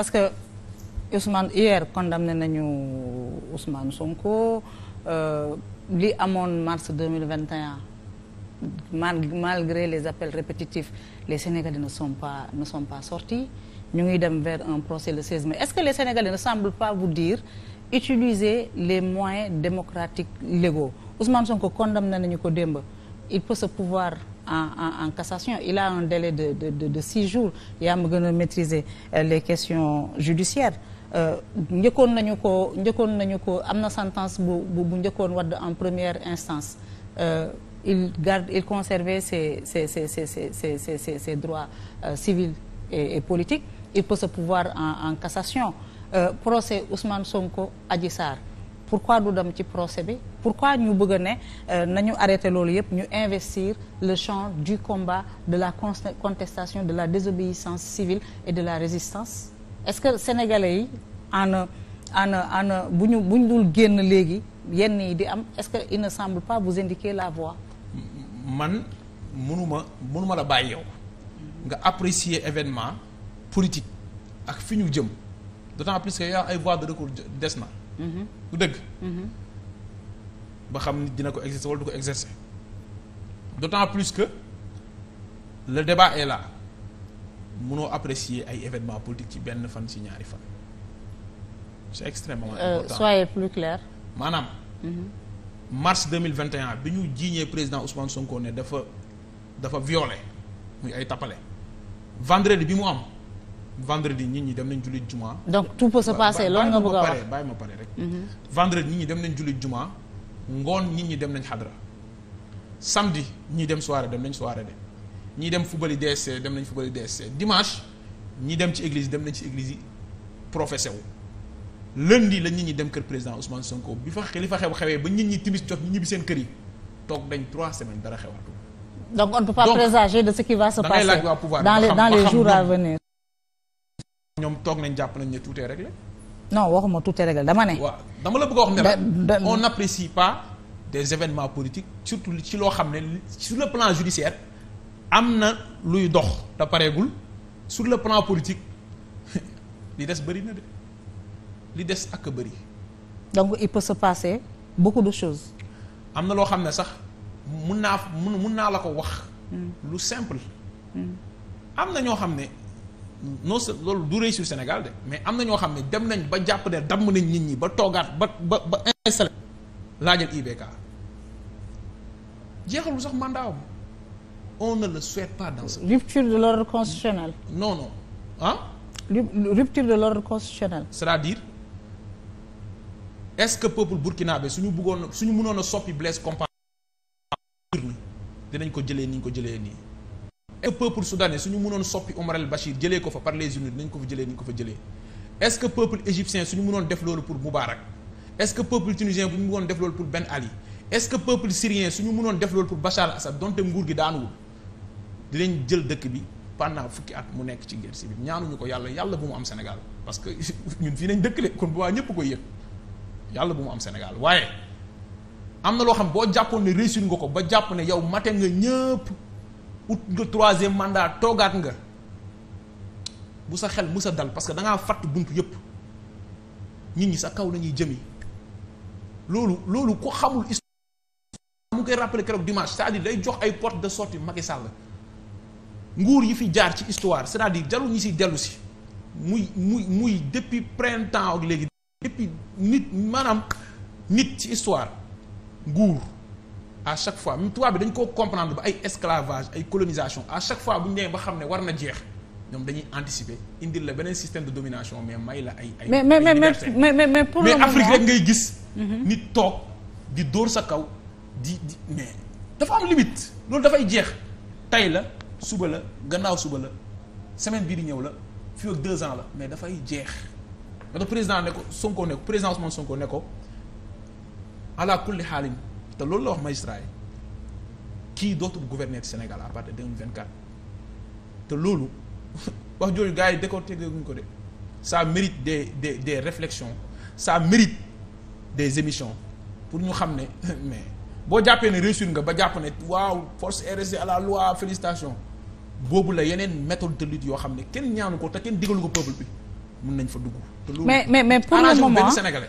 parce que Ousmane hier condamné nañu Ousmane Sonko euh, li amoon mars deux mille vingt et un malgré les appels répétitifs les Sénégalais ne sont pas ne sont sortis ñu ngi dem vers un procès le 16 mai est-ce que les Sénégalais ne semblent pas vous dire utiliser les moyens démocratiques légaux Ousmane Sonko condamné nañu ko démba il peut se pouvoir en, en, en cassation il a un délai de de de, six jours yaa ma gën a maîtriser euh, les questions judiciaires euh, njëkkoon nañu ko njëkkoon nañu ko am na sentence bu bu njëkkoon wadd en première instance euh, il garde il conservait ses ses ses ses ses ses ses, ses droits euh, civils et, et politiques il peut se pouvoir en en cassation euh, procès Ousmane Sonko Adji pourquoi du dem ci procès bi pourquoi ñu bëgg a ne euh, nañu arrêté loolu yëpp ñu investir le champ du combat de la contestation de la désobéissance civile et de la résistance est-ce que sénégalais yi en en en bu ñu bu ñu dul génn léegi yenn yi di am est-ce que il ne semble pas vous indiquer la voie. man mënuma ma la bàyyi yow nga apprécier événement politique ak fi ñu jëm d'autant plus que yaa ay voies de recours des na. Mm-hmm. du dëgg mm-hmm. ba xam nit dina ko exercer wala du ko exercer d'autant plus que le débat est là mënoo ay événements politiques ci benn fan ci ñaari fan c'est extrêmement euh, important soyez plus clair maanaam mm-hmm. mars 2021 bi ñu jiiñee président Ousmane Sonko ne dafa dafa violé muy ay tappale vendredi bi mu am vendredi nit ñi dem nañ julli juma. donc tout peut se passer loolu nga bëgg a wax bàyyi ma pare rek. Mhm. vendredi ñi dem nañ julli juma ngoon nit ñi dem nañ xadra samedi ñii dem soirée dem nañ soirée de ñii dem fubali DSC dem nañ fubali DSC dimanche ñii dem ci église dem nañ ci église yi professé wu. lundi la nit ñi dem kër président Ousmane Sonko bi fa li fa xew xewee ba ñi ñi timis jot ñibbi seen kër yi toog dañ trois semaines dara xewaatu. donc on ne présager de ce qui va ñoom toog nañ jàpp nañ ne tuutee est réglé. non waxuma tout est réglé dama ne. waaw dama la bëgg a wax ne la on n'apprécie pas des événements politiques surtout ci loo xam ne sur le plan judiciaire am na luy dox te pareegul sur le plan politique li des bëri na de li des ak bëri. donc il peut se passer beaucoup de chose am na loo xam ne sax mun naa mun mun naa la ko wax. Hmm. lu simple. Hmm. am na ñoo xam ne. non seulement loolu du réussir Sénégal de mais am na ñoo xam ne dem nañ ba jàpp ne damm nañ nit ñi ba toogaat ba ba ba installé laajal IBK jeexalul sax mandaawam on ne le souhaite pas dans ce rupture de l'ordre constitutionnel non non ah rupture de l'ordre constitutionnel c'est-à-dire est-ce que peuple burkinabé suñu bëggoon suñu mënoon a soppi Blaise Compaoré dinañ ko jëlee ni ñu ko jëlee nii est-ce que peuple soudanais suñu mënoon soppi Omar El Bachir jëlee ko fa par les unis nañ ko fa jëlee ni ñu ko fa jëlee est-ce que peuple égyptien suñu mënoon def loolu pour Moubarak est peuple tunisien bu ñu mënoon def loolu pour Ben Ali est peuple syrien suñu mënoon def loolu pour Bachar Assad donte nguur gi daanuwul dinañ jël dëkk bi pendant fukki at mu nekk ci guerre ñaanu ñu ko yàlla yàlla bu mu am Sénégal parce que fii nañ dëkkale kon bu waa ñëpp koy yàlla bu mu am Sénégal waaye am na loo xam boo jàppoon ne réussir nga ko ba jàpp ne yow mate nga ñëpp ut nga troisième mandat toogaat nga bu sa xel mu sa dal parce que da fàtt bunt yëpp nit ñi sa kaw lañuy ñuy jëmi loolu loolu ku xamul histoire mu koy rappeler keroog dimanche c'est-à-dire day jox ay porte de sortie Macky Sall nguur yi fi jaar ci histoire c'est-à-dire ñi si dellu si muy muy muy depuis printemps ak léegi depuis nit maanaam nit ci histoire nguur à chaque fois même tubaab bi dañ koo comprendre ba ay esclavage ay colonisation à chaque fois bu ñu nee ba xam ne war na jeex ñoom dañuy anticiper indil la beneen système de domination mais may la ay ay. mais mais mais mais mais pour le moment Afrique rek ngay gis. Mhm. nit toog di dóor sa kaw di di mais loolu dafay jeex tey la suba la gannaaw suba la semaine bii di ñëw la fii ak deux ans la mais dafay jeex. nga président ne ko Sonko ne ko président Ousmane Sonko ne ko ala kulli xaalim. te loolu la wax magistrat kii dootul gouverner Sénégal à partir de deux mille vingt quatre te loolu wax jooju gars yi décorté guñ ko de saa mérite des des des réflexions saa mérite des émissions pour ñu xam ne mais boo jàppee ne réussir nga ba jàpp ne waaw force RSE à la loi félicitations boobu la yeneen méthode de lutte yoo xam ne kenn ñaanu ko te kenn digalu ko peuple mun mën nañ fa dugg. te loolu mais mais mais pour le moment